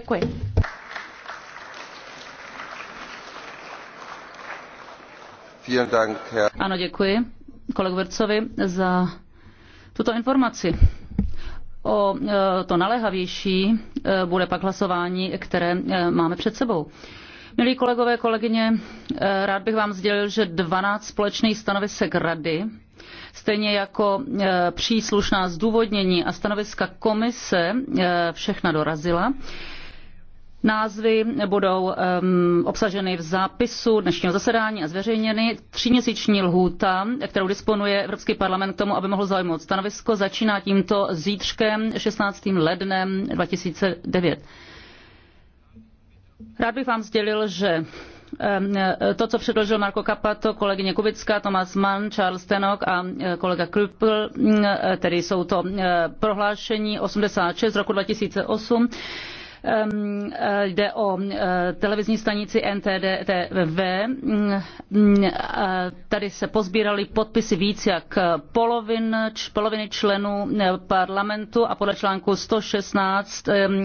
Děkuji. Ano, děkuji kolegu Vercovi za tuto informaci. O e, to naléhavější e, bude pak hlasování, které e, máme před sebou. Milí kolegové, kolegyně, rád bych vám sdělil, že 12 společných stanovisek Rady, stejně jako příslušná zdůvodnění a stanoviska komise všechna dorazila. Názvy budou um, obsaženy v zápisu dnešního zasedání a zveřejněny. Tříměsíční lhůta, kterou disponuje Evropský parlament k tomu, aby mohl zaujmout stanovisko, začíná tímto zítřkem 16. lednem 2009. Rád bych vám sdělil, že to, co předložil Marco Capato, kolegyně Kubická, Tomas Mann, Charles Tenok a e, kolega Krupl, e, tedy jsou to e, prohlášení 86 z roku 2008, Ehm, eh, jde o eh, televizní stanici NTDTV. Mm, eh, tady se pozbírali podpisy víc jak polovin, poloviny členů parlamentu a podle článku 116 ehm,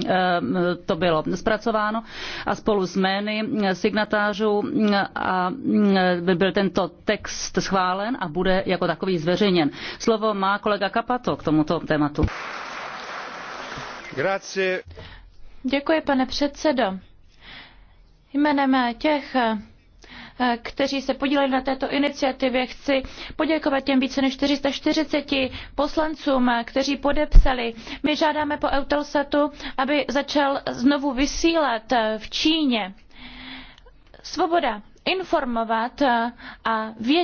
to bylo zpracováno a spolu s jmény signatářů mm, a mm, byl tento text schválen a bude jako takový zveřejněn. Slovo má kolega Kapato k tomuto tématu. Grazie. Děkuji, pane předsedo. Jménem těch, kteří se podíleli na této iniciativě. Chci poděkovat těm více než 440 poslancům, kteří podepsali. My žádáme po Eutelsatu, aby začal znovu vysílat v Číně. Svoboda informovat a vědět,